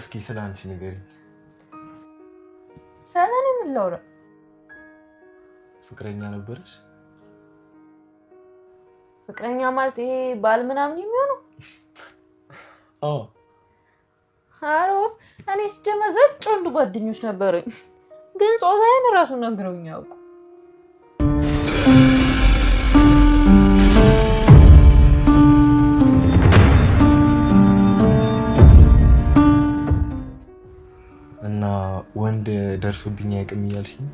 እስኪ ስለ አንቺ ንገሪኝ። ስለ እኔ ምን ላውራ? ፍቅረኛ ነበረሽ? ፍቅረኛ ማለት ይሄ ባል ምናምን የሚሆነው? አዎ። አሮ እኔ ስጀመር ዘጭ ወንድ ጓደኞች ነበረኝ፣ ግን ጾታዬን እራሱ ነግረውኝ አያውቁም። ወንድ ደርሶብኝ አያውቅም እያልሽኝ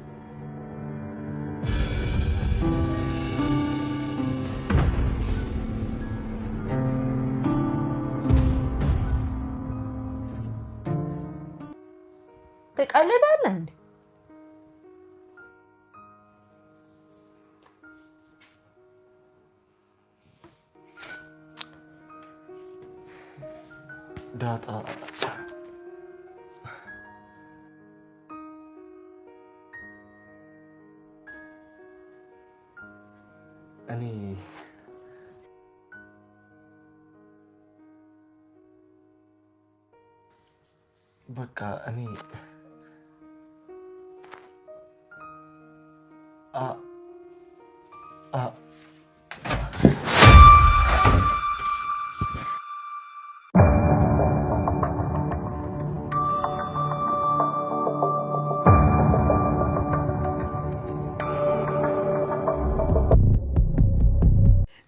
ትቀልዳለህ እንዴ? በቃ እኔ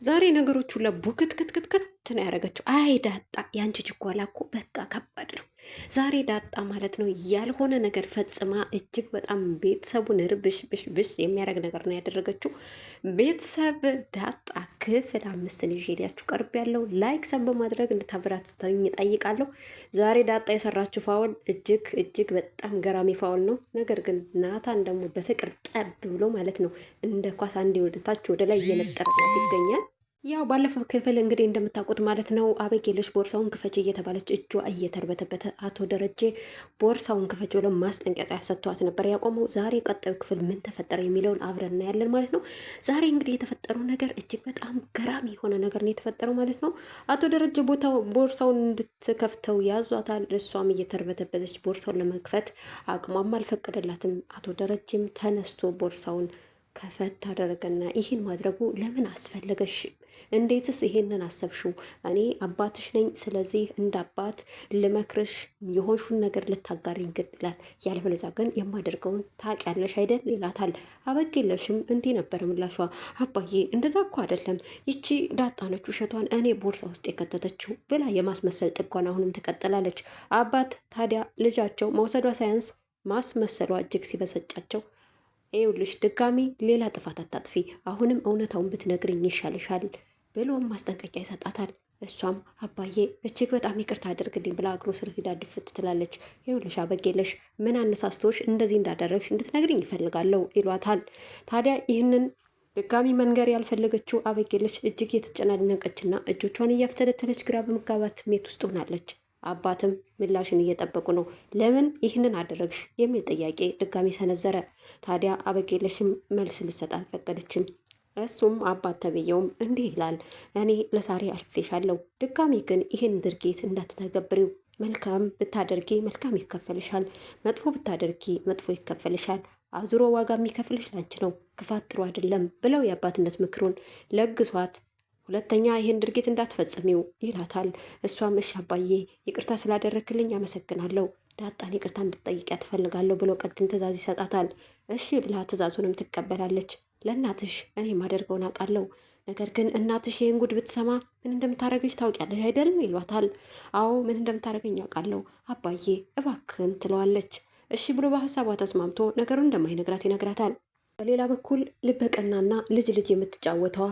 ዛሬ ነገሮች ሁላ ፍት ነው ያደረገችው። አይ ዳጣ ያንቺ ችኮላ እኮ በቃ ከባድ ነው። ዛሬ ዳጣ ማለት ነው ያልሆነ ነገር ፈጽማ እጅግ በጣም ቤተሰቡን ብሽ የሚያደርግ ነገር ነው ያደረገችው። ቤተሰብ ዳጣ ክፍል አምስትን ይዤላችሁ ቀርብ ያለው ላይክ ሰብ በማድረግ እንድታበረታቱኝ እጠይቃለሁ። ዛሬ ዳጣ የሰራችው ፋውል እጅግ እጅግ በጣም ገራሚ ፋውል ነው። ነገር ግን ናታን ደግሞ በፍቅር ጠብ ብሎ ማለት ነው እንደ ኳስ አንዴ ወደታች ወደ ላይ እየነጠረለት ይገኛል። ያው ባለፈው ክፍል እንግዲህ እንደምታውቁት ማለት ነው አበጌለች ቦርሳውን ክፈች እየተባለች እጇ እየተርበተበተ አቶ ደረጀ ቦርሳውን ክፈች ብለው ማስጠንቀቂያ ሰጥተዋት ነበር ያቆመው። ዛሬ ቀጣዩ ክፍል ምን ተፈጠረ የሚለውን አብረን እናያለን ማለት ነው። ዛሬ እንግዲህ የተፈጠረው ነገር እጅግ በጣም ገራሚ የሆነ ነገር ነው የተፈጠረው ማለት ነው። አቶ ደረጀ ቦርሳውን እንድትከፍተው ያዟታል። እሷም እየተርበተበተች ቦርሳውን ለመክፈት አቅሟም አልፈቀደላትም። አቶ ደረጀም ተነስቶ ቦርሳውን ከፈት ታደረገና ይህን ማድረጉ ለምን አስፈለገሽ? እንዴትስ ይሄንን አሰብሽው? እኔ አባትሽ ነኝ። ስለዚህ እንደ አባት ልመክርሽ፣ የሆንሹን ነገር ልታጋሪኝ ግድ ይላል። ያለበለዚያ ግን የማደርገውን ታውቂያለሽ አይደል? ይላታል። አበጌለሽም እንዲህ ነበር ምላሿ። አባዬ እንደዛ እኮ አይደለም፣ ይቺ ዳጣነች ውሸቷን እኔ ቦርሳ ውስጥ የከተተችው ብላ የማስመሰል ጥጓን አሁንም ትቀጥላለች። አባት ታዲያ ልጃቸው መውሰዷ ሳያንስ ማስመሰሏ እጅግ ሲበሰጫቸው ይኸውልሽ ድጋሚ ሌላ ጥፋት አታጥፊ፣ አሁንም እውነታውን ብትነግርኝ ይሻልሻል ብሎም ማስጠንቀቂያ ይሰጣታል። እሷም አባዬ እጅግ በጣም ይቅርታ አድርግልኝ ብላ እግሩ ስር ሂዳ ድፍት ትላለች። ይኸውልሽ አበጌለሽ ምን አነሳስቶሽ እንደዚህ እንዳደረግሽ እንድትነግርኝ ይፈልጋለሁ ይሏታል። ታዲያ ይህንን ድጋሚ መንገር ያልፈለገችው አበጌለች እጅግ የተጨናነቀችና እጆቿን እያፍተለተለች ግራ በመጋባት ስሜት ውስጥ ሆናለች። አባትም ምላሽን እየጠበቁ ነው። ለምን ይህንን አደረግሽ የሚል ጥያቄ ድጋሚ ሰነዘረ። ታዲያ አበጌለሽም መልስ ልሰጥ አልፈቀደችም። እሱም አባት ተብየውም እንዲህ ይላል፣ እኔ ለዛሬ አልፌሻለሁ፣ ድጋሚ ግን ይህን ድርጊት እንዳትተገብሪው። መልካም ብታደርጊ መልካም ይከፈልሻል፣ መጥፎ ብታደርጊ መጥፎ ይከፈልሻል። አዙሮ ዋጋ የሚከፍልሽ ላንቺ ነው፣ ክፋት ጥሩ አይደለም ብለው የአባትነት ምክሩን ለግሷት ሁለተኛ ይህን ድርጊት እንዳትፈጽሚው ይላታል። እሷም እሺ አባዬ ይቅርታ ስላደረክልኝ አመሰግናለሁ፣ ዳጣን ይቅርታ እንድትጠይቂያት ትፈልጋለሁ ብሎ ቀድም ትእዛዝ ይሰጣታል። እሺ ብላ ትእዛዙንም ትቀበላለች። ለእናትሽ እኔ የማደርገውን አውቃለሁ፣ ነገር ግን እናትሽ ይህን ጉድ ብትሰማ ምን እንደምታደርገች ታውቂያለሽ አይደልም ይሏታል። አዎ ምን እንደምታደርገኝ አውቃለሁ አባዬ እባክን ትለዋለች። እሺ ብሎ በሀሳቧ ተስማምቶ ነገሩን እንደማይነግራት ይነግራታል። በሌላ በኩል ልበቀናና ልጅ ልጅ የምትጫወተዋ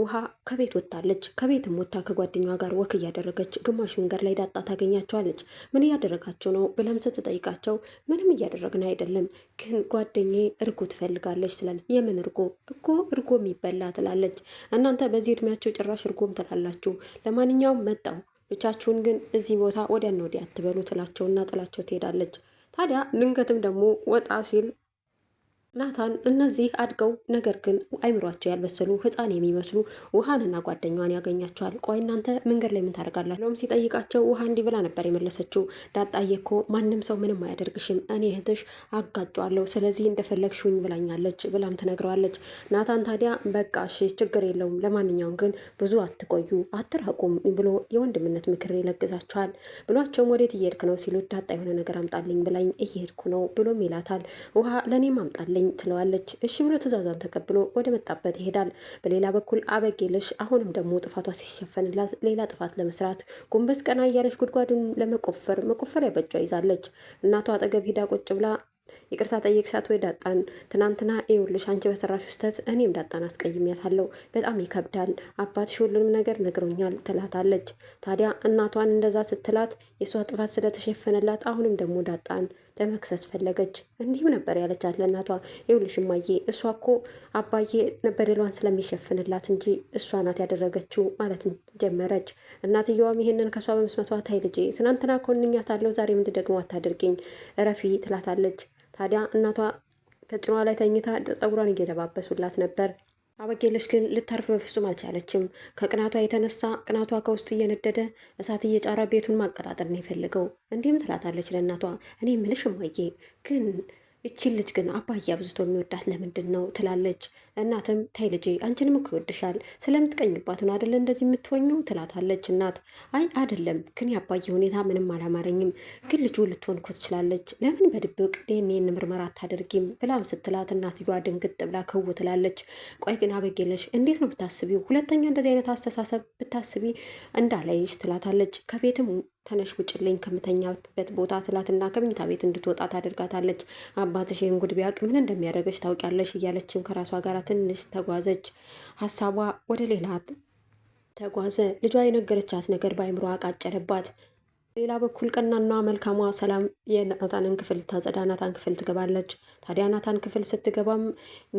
ውሃ ከቤት ወጥታለች። ከቤትም ወጥታ ከጓደኛዋ ጋር ወክ እያደረገች ግማሽ መንገድ ላይ ዳጣ ታገኛቸዋለች። ምን እያደረጋቸው ነው ብለም ስትጠይቃቸው ምንም እያደረግን አይደለም፣ ግን ጓደኛዬ እርጎ ትፈልጋለች ትላለች። የምን እርጎ እኮ እርጎ የሚበላ ትላለች። እናንተ በዚህ እድሜያቸው ጭራሽ እርጎም ትላላችሁ። ለማንኛውም መጣው ብቻችሁን ግን እዚህ ቦታ ወዲያና ወዲያ አትበሉ ትላቸውና ጥላቸው ትሄዳለች። ታዲያ ድንገትም ደግሞ ወጣ ሲል ናታን እነዚህ አድገው ነገር ግን አይምሯቸው ያልበሰሉ ህፃን የሚመስሉ ውሃንና ጓደኛዋን ያገኛቸዋል። ቆይ እናንተ መንገድ ላይ ምን ታደርጋላችሁ? ብሎም ሲጠይቃቸው ውሃ እንዲህ ብላ ነበር የመለሰችው። ዳጣዬ እኮ ማንም ሰው ምንም አያደርግሽም፣ እኔ እህትሽ አጋጫዋለሁ፣ ስለዚህ እንደፈለግ ሹኝ ብላኛለች ብላም ትነግረዋለች። ናታን ታዲያ በቃ እሺ ችግር የለውም፣ ለማንኛውም ግን ብዙ አትቆዩ፣ አትራቁም ብሎ የወንድምነት ምክር ይለግዛቸዋል። ብሏቸውም ወዴት እየሄድክ ነው ሲሉት ዳጣ የሆነ ነገር አምጣልኝ ብላኝ እየሄድኩ ነው ብሎም ይላታል። ውሃ ለእኔም አምጣልኝ አምጪልኝ ትለዋለች። እሺ ብሎ ትዕዛዟን ተቀብሎ ወደ መጣበት ይሄዳል። በሌላ በኩል አበጌለሽ አሁንም ደግሞ ጥፋቷ ሲሸፈንላት ሌላ ጥፋት ለመስራት ጎንበስ ቀና እያለች ጉድጓዱን ለመቆፈር መቆፈሪያ በእጇ ይዛለች። እናቷ አጠገብ ሂዳ ቁጭ ብላ ይቅርታ ጠየቅሻት ወይ ዳጣን? ትናንትና ይኸውልሽ አንቺ በሰራሽ ስህተት እኔም ዳጣን አስቀይሜያታለሁ። በጣም ይከብዳል። አባትሽ ሁሉንም ነገር ነግሮኛል ትላታለች። ታዲያ እናቷን እንደዛ ስትላት የእሷ ጥፋት ስለተሸፈነላት አሁንም ደግሞ ዳጣን ለመክሰስ ፈለገች። እንዲህም ነበር ያለቻት ለእናቷ፣ ይኸውልሽ እማዬ፣ እሷ እኮ አባዬ በደሏን ስለሚሸፍንላት እንጂ እሷ ናት ያደረገችው ማለት ጀመረች። እናትየዋም ይህንን ከእሷ በመስማቷ ታይ ልጄ፣ ትናንትና ኮንኛታለሁ፣ ዛሬም ደግሞ አታድርግኝ፣ እረፊ ትላታለች። ታዲያ እናቷ ከጭኗ ላይ ተኝታ ፀጉሯን እየደባበሱላት ነበር። አበጌለች ግን ልታርፍ በፍጹም አልቻለችም። ከቅናቷ የተነሳ ቅናቷ ከውስጥ እየነደደ እሳት እየጫረ ቤቱን ማቀጣጠል ነው የፈለገው። እንዲህም ትላታለች ለእናቷ እኔ ምልሽ እማዬ ግን እቺ ልጅ ግን አባዬ አብዝቶ የሚወዳት ለምንድን ነው ትላለች። እናትም ተይ ልጄ አንቺንም እኮ ይወድሻል ስለምትቀኝባት ነው አደለ እንደዚህ የምትወኙ ትላታለች። እናት አይ አደለም፣ ግን የአባዬ ሁኔታ ምንም አላማረኝም፣ ግን ልጁ ልትሆን እኮ ትችላለች፣ ለምን በድብቅ ዲኤንኤን ምርመራ አታደርጊም ብላም ስትላት እናትዮዋ ድንግጥ ብላ ክው ትላለች። ቆይ ግን አበጌለሽ እንዴት ነው ብታስቢው? ሁለተኛ እንደዚህ አይነት አስተሳሰብ ብታስቢ እንዳላይሽ ትላታለች። ከቤትም ተነሽ ውጭልኝ ከምተኛበት ቦታ ትላትና ከመኝታ ቤት እንድትወጣ ታደርጋታለች። አባትሽ ይህን ጉድ ቢያውቅ ምን እንደሚያደርገች ታውቂያለሽ? እያለችም ከራሷ ጋር ትንሽ ተጓዘች። ሀሳቧ ወደ ሌላ ተጓዘ። ልጇ የነገረቻት ነገር በአይምሮ አቃጨለባት። ሌላ በኩል ቀናና መልካሟ ሰላም የናታንን ክፍል ታጸዳ፣ ናታን ክፍል ትገባለች። ታዲያ ናታን ክፍል ስትገባም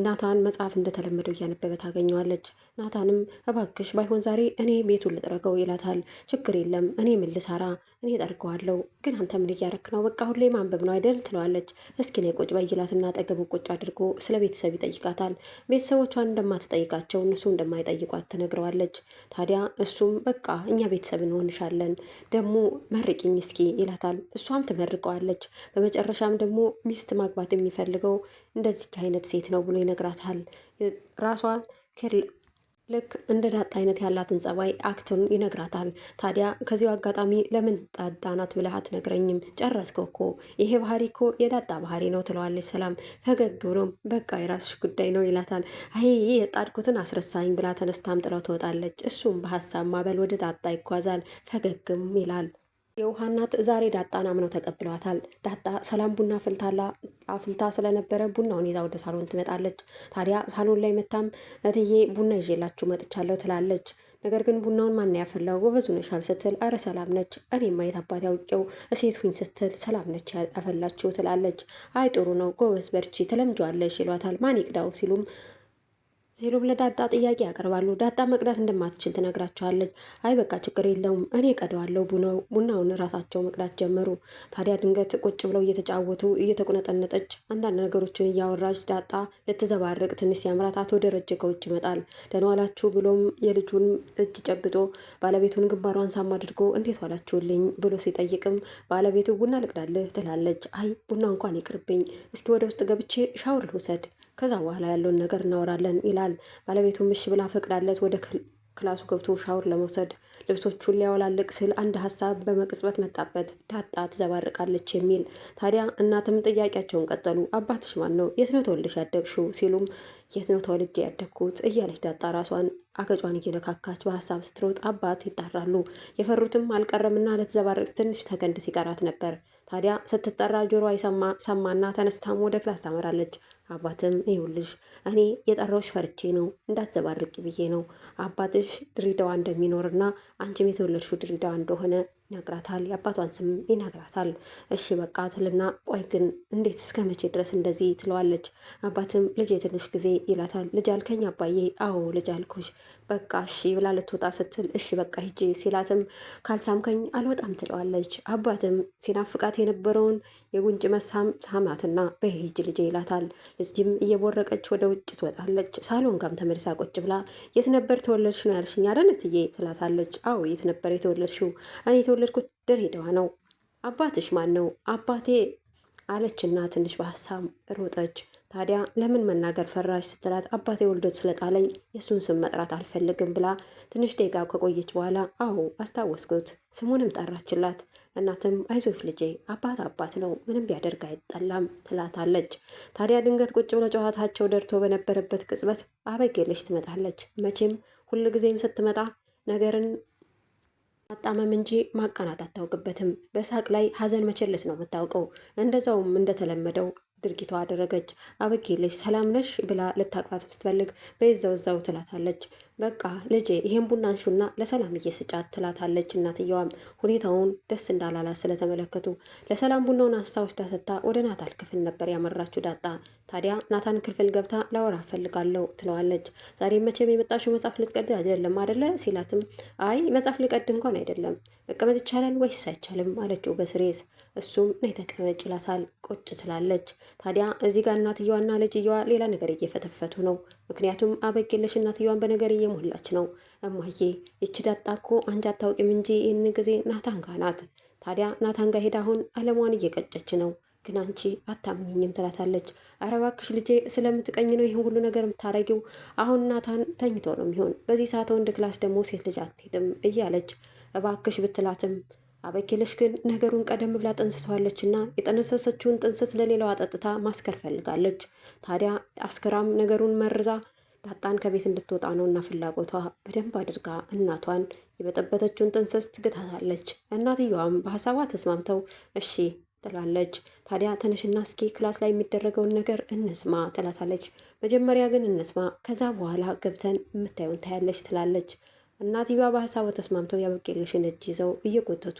ናታን መጽሐፍ እንደተለመደው እያነበበ ታገኘዋለች። ናታንም እባክሽ ባይሆን ዛሬ እኔ ቤቱን ልጥረገው ይላታል። ችግር የለም እኔ ምን ልሰራ እኔ ጠርገዋለሁ፣ ግን አንተ ምን እያረክ ነው? በቃ ሁሌ ማንበብ ነው አይደል ትለዋለች። እስኪ ነይ ቁጭ በይ ይላትና አጠገቡ ቁጭ አድርጎ ስለ ቤተሰብ ይጠይቃታል። ቤተሰቦቿን እንደማትጠይቃቸው እነሱ እንደማይጠይቋት ትነግረዋለች። ታዲያ እሱም በቃ እኛ ቤተሰብ እንሆንሻለን ደግሞ መርቂኝ እስኪ ይላታል። እሷም ትመርቀዋለች። በመጨረሻም ደግሞ ሚስት ማግባት የሚፈልገው እንደዚህ አይነት ሴት ነው ብሎ ይነግራታል። ራሷ ልክ እንደ ዳጣ አይነት ያላትን ጸባይ አክትን ይነግራታል። ታዲያ ከዚሁ አጋጣሚ ለምን ዳጣናት ብለህ አትነግረኝም? ጨረስከው እኮ ይሄ ባህሪ እኮ የዳጣ ባህሪ ነው ትለዋለች ሰላም። ፈገግ ብሎም በቃ የራስሽ ጉዳይ ነው ይላታል። አይ የጣድኩትን አስረሳኝ ብላ ተነስታም ጥለው ትወጣለች። እሱም በሀሳብ ማበል ወደ ዳጣ ይጓዛል። ፈገግም ይላል። የውሃ እናት ዛሬ ዳጣን አምነው ተቀብለዋታል። ዳጣ ሰላም ቡና ፍልታላ አፍልታ ስለነበረ ቡናውን ይዛ ወደ ሳሎን ትመጣለች። ታዲያ ሳሎን ላይ መታም እትዬ ቡና ይዤላችሁ መጥቻለሁ ትላለች። ነገር ግን ቡናውን ማን ያፈላው ጎበዝ ነሻል ስትል፣ አረ ሰላም ነች እኔ ማየት አባት ያውቄው እሴት ሁኝ ስትል፣ ሰላም ነች ያፈላችሁ ትላለች። አይ ጥሩ ነው ጎበዝ በርቺ ትለምጇለሽ ይሏታል። ማን ይቅዳው ሲሉም ሴሎም ለዳጣ ጥያቄ ያቀርባሉ። ዳጣ መቅዳት እንደማትችል ትነግራቸዋለች። አይ በቃ ችግር የለውም እኔ ቀደዋለሁ። ቡናውን ራሳቸው መቅዳት ጀመሩ። ታዲያ ድንገት ቁጭ ብለው እየተጫወቱ እየተቁነጠነጠች አንዳንድ ነገሮችን እያወራች ዳጣ ልትዘባርቅ ትንሽ ሲያምራት አቶ ደረጀ ከውጭ ይመጣል። ደህና ዋላችሁ ብሎም የልጁን እጅ ጨብጦ ባለቤቱን ግንባሯን ሳም አድርጎ እንዴት ዋላችሁልኝ ብሎ ሲጠይቅም ባለቤቱ ቡና ልቅዳልህ ትላለች። አይ ቡና እንኳን ይቅርብኝ፣ እስኪ ወደ ውስጥ ገብቼ ሻወር ልውሰድ ከዛ በኋላ ያለውን ነገር እናወራለን ይላል። ባለቤቱም እሺ ብላ ፈቅዳለት ወደ ክላሱ ገብቶ ሻወር ለመውሰድ ልብሶቹን ሊያወላልቅ ስል አንድ ሀሳብ በመቅጽበት መጣበት። ዳጣ ትዘባርቃለች የሚል ታዲያ እናትም ጥያቄያቸውን ቀጠሉ። አባትሽ ማን ነው? የት ነው ተወልደሽ ያደግሽው? ሲሉም የት ነው ተወልጄ ያደግኩት እያለች ዳጣ ራሷን አገጯን እየነካካች በሀሳብ ስትሮጥ አባት ይጣራሉ። የፈሩትም አልቀረምና ለተዘባርቅ ትንሽ ተገንድ ሲቀራት ነበር። ታዲያ ስትጠራ ጆሮ ሰማና ተነስታም ወደ ክላስ ታመራለች። አባትም ይኸውልሽ እኔ የጠራሁሽ ፈርቼ ነው እንዳትዘባርቂ ብዬ ነው። አባትሽ ድሬዳዋ እንደሚኖርና አንቺም የተወለድሽው ድሬዳዋ እንደሆነ ይነግራታል። የአባቷን ስም ይነግራታል። እሺ በቃ ትልና ቆይ ግን እንዴት እስከ መቼ ድረስ እንደዚህ ትለዋለች። አባትም ልጅ የትንሽ ጊዜ ይላታል። ልጅ አልከኝ አባዬ? አዎ ልጅ አልኩሽ። በቃ እሺ ብላ ልትወጣ ስትል እሺ በቃ ሂጂ ሲላትም ካልሳምከኝ አልወጣም ትለዋለች። አባትም ሲናፍቃት የነበረውን የጉንጭ መሳም ሳማትና በይ ሂጂ ልጄ ይላታል። ልጅም እየቦረቀች ወደ ውጭ ትወጣለች። ሳሎን ጋም ተመልሳ ቁጭ ብላ የት ነበር ተወለድሽ ነው ያልሽኝ አይደል እትዬ ትላታለች። አዎ የት ነበር የተወለድሽው እኔ የተወለድኩት ድሬዳዋ ነው። አባትሽ ማን ነው? አባቴ አለችና ትንሽ በሀሳብ ሮጠች። ታዲያ ለምን መናገር ፈራሽ ስትላት አባቴ ወልዶት ስለጣለኝ የእሱን ስም መጥራት አልፈልግም ብላ ትንሽ ደቂቃ ከቆየች በኋላ አዎ አስታወስኩት፣ ስሙንም ጠራችላት። እናትም አይዞሽ ልጄ አባት አባት ነው፣ ምንም ቢያደርግ አይጠላም ትላታለች። ታዲያ ድንገት ቁጭ ብለው ጨዋታቸው ደርቶ በነበረበት ቅጽበት አበጌለች ትመጣለች። መቼም ሁልጊዜም ስትመጣ ነገርን ማጣመም እንጂ ማቃናት አታውቅበትም። በሳቅ ላይ ሀዘን መቸለስ ነው የምታውቀው። እንደዛውም እንደተለመደው ድርጊቷ አደረገች። አበጌለች ሰላም ነሽ ብላ ልታቅፋት ስትፈልግ በይዛው እዛው ትላታለች። በቃ ልጄ ይሄን ቡና አንሹና ለሰላምዬ ስጫት ትላታለች። እናትየዋም ሁኔታውን ደስ እንዳላላት ስለተመለከቱ ለሰላም ቡናውን አንስታ ወስዳ ወደ ናታል ክፍል ነበር ያመራችው ዳጣ። ታዲያ ናታን ክፍል ገብታ ላወራ እፈልጋለሁ ትለዋለች። ዛሬ መቼም የመጣሽው መጽሐፍ ልትቀድ አይደለም አደለ ሲላትም፣ አይ መጽሐፍ ልቀድ እንኳን አይደለም መቀመጥ ይቻላል ወይስ አይቻልም አለችው በስሬስ። እሱም ነይ ተቀመጭ ይላታል። ቁጭ ትላለች። ታዲያ እዚህ ጋር እናትየዋና ልጅየዋ ሌላ ነገር እየፈተፈቱ ነው። ምክንያቱም አበጌለሽ እናትየዋን በነገር እየሞላች ነው። እማዬ ይች ዳጣ እኮ አንቺ አታውቂም እንጂ ይህን ጊዜ ናታንጋ ናት። ታዲያ ናታንጋ ሄዳ አሁን አለሟን እየቀጨች ነው። ግን አንቺ አታምኝኝም ትላታለች። ኧረ እባክሽ ልጄ ስለምትቀኝ ነው ይህን ሁሉ ነገር የምታረጊው። አሁን ናታን ተኝቶ ነው የሚሆን። በዚህ ሰዓት ወንድ ክላስ ደግሞ ሴት ልጅ አትሄድም እያለች እባክሽ ብትላትም አበኬለሽ ግን ነገሩን ቀደም ብላ ጠንስሰዋለች እና የጠነሰሰችውን ጥንስስ ለሌላዋ አጠጥታ ማስከር ፈልጋለች። ታዲያ አስከራም ነገሩን መርዛ ዳጣን ከቤት እንድትወጣ እና ፍላጎቷ በደንብ አድርጋ እናቷን የበጠበተችውን ጥንስስ ትግታታለች። እናትየዋም በሀሳቧ ተስማምተው እሺ ትላለች። ታዲያ ተነሽና እስኪ ክላስ ላይ የሚደረገውን ነገር እንስማ ትላታለች። መጀመሪያ ግን እንስማ፣ ከዛ በኋላ ገብተን የምታየውን ታያለች ትላለች። እናትየዋ በሀሳቡ ተስማምተው የአበቄልሽን እጅ ይዘው እየጎተቱ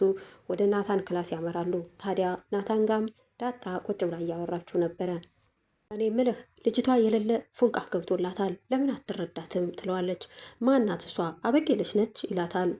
ወደ ናታን ክላስ ያመራሉ። ታዲያ ናታን ጋም ዳጣ ቁጭ ብላ እያወራችሁ ነበረ። እኔ ምልህ ልጅቷ የሌለ ፉንቃ ገብቶላታል፣ ለምን አትረዳትም ትለዋለች። ማናት እሷ አበጌልሽ ነች ይላታል።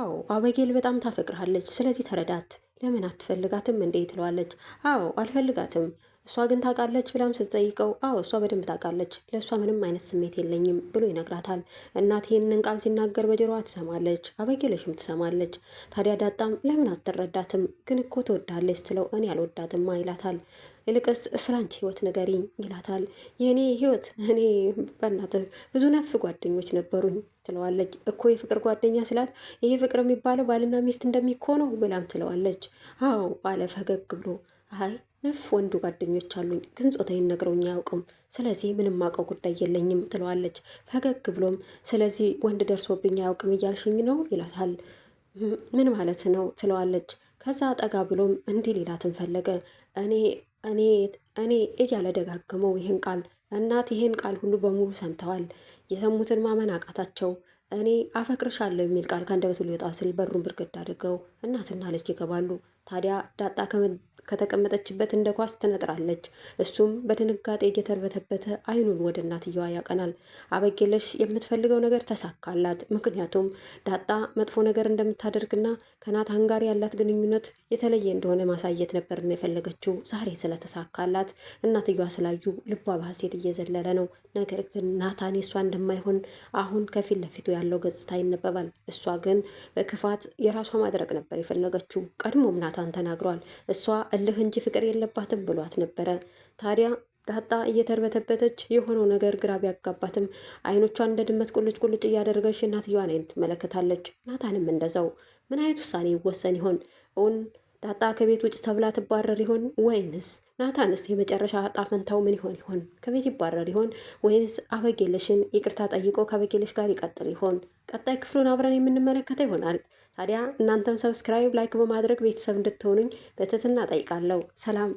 አዎ አበጌል በጣም ታፈቅርሃለች፣ ስለዚህ ተረዳት። ለምን አትፈልጋትም እንዴ ትለዋለች። አዎ አልፈልጋትም እሷ ግን ታውቃለች ብላም ስትጠይቀው አዎ እሷ በደንብ ታውቃለች፣ ለእሷ ምንም አይነት ስሜት የለኝም ብሎ ይነግራታል። እናት ይህንን ቃል ሲናገር በጆሮዋ ትሰማለች፣ አበጌለሽም ትሰማለች። ታዲያ ዳጣም ለምን አትረዳትም ግን እኮ ትወዳለች ስትለው እኔ አልወዳትማ ይላታል። ይልቅስ ስላንቺ ህይወት ንገሪኝ ይላታል። የእኔ ህይወት እኔ በእናትህ ብዙ ነፍ ጓደኞች ነበሩኝ ትለዋለች። እኮ የፍቅር ጓደኛ ስላት ይሄ ፍቅር የሚባለው ባልና ሚስት እንደሚኮነው ብላም ትለዋለች። አዎ አለ ፈገግ ብሎ አይ ነፍ ወንዱ ጓደኞች አሉኝ፣ ግን ጾታዬን ነግረውኝ አያውቅም። ስለዚህ ምንም አውቀው ጉዳይ የለኝም ትለዋለች። ፈገግ ብሎም ስለዚህ ወንድ ደርሶብኝ አያውቅም እያልሽኝ ነው ይላታል። ምን ማለት ነው ትለዋለች። ከዛ ጠጋ ብሎም እንዲህ ሌላትን ፈለገ። እኔ እኔ እኔ እያለ ደጋግመው ይህን ቃል እናት ይህን ቃል ሁሉ በሙሉ ሰምተዋል። የሰሙትን ማመን አቃታቸው። እኔ አፈቅርሻለሁ የሚል ቃል ከአንደበቱ ሊወጣ ስል በሩን ብርግድ አድርገው እናትና ልጅ ይገባሉ። ታዲያ ዳጣ ከተቀመጠችበት እንደ ኳስ ትነጥራለች። እሱም በድንጋጤ እየተርበተበተ አይኑን ወደ እናትየዋ ያቀናል። አበጌለሽ የምትፈልገው ነገር ተሳካላት። ምክንያቱም ዳጣ መጥፎ ነገር እንደምታደርግና ከናታን ጋር ያላት ግንኙነት የተለየ እንደሆነ ማሳየት ነበርና የፈለገችው። ዛሬ ስለተሳካላት እናትየዋ ስላዩ ልቧ በሐሴት እየዘለለ ነው። ነገር ግን ናታን የእሷ እንደማይሆን አሁን ከፊት ለፊቱ ያለው ገጽታ ይነበባል። እሷ ግን በክፋት የራሷ ማድረግ ነበር የፈለገችው። ቀድሞም ናታን ተናግሯል። እሷ እልህ እንጂ ፍቅር የለባትም ብሏት ነበረ። ታዲያ ዳጣ እየተርበተበተች የሆነው ነገር ግራ ቢያጋባትም አይኖቿን እንደ ድመት ቁልጭ ቁልጭ እያደረገች እናትየዋን አይን ትመለከታለች። ናታንም እንደዛው። ምን አይነት ውሳኔ ይወሰን ይሆን? እውን ዳጣ ከቤት ውጭ ተብላ ትባረር ይሆን ወይንስ ናታንስ የመጨረሻ ጣፈንታው ፈንታው ምን ይሆን ይሆን? ከቤት ይባረር ይሆን ወይንስ አበጌለሽን ይቅርታ ጠይቆ ከአበጌለሽ ጋር ይቀጥል ይሆን? ቀጣይ ክፍሉን አብረን የምንመለከተው ይሆናል። ታዲያ እናንተም ሰብስክራይብ፣ ላይክ በማድረግ ቤተሰብ እንድትሆኑኝ በትህትና ጠይቃለሁ። ሰላም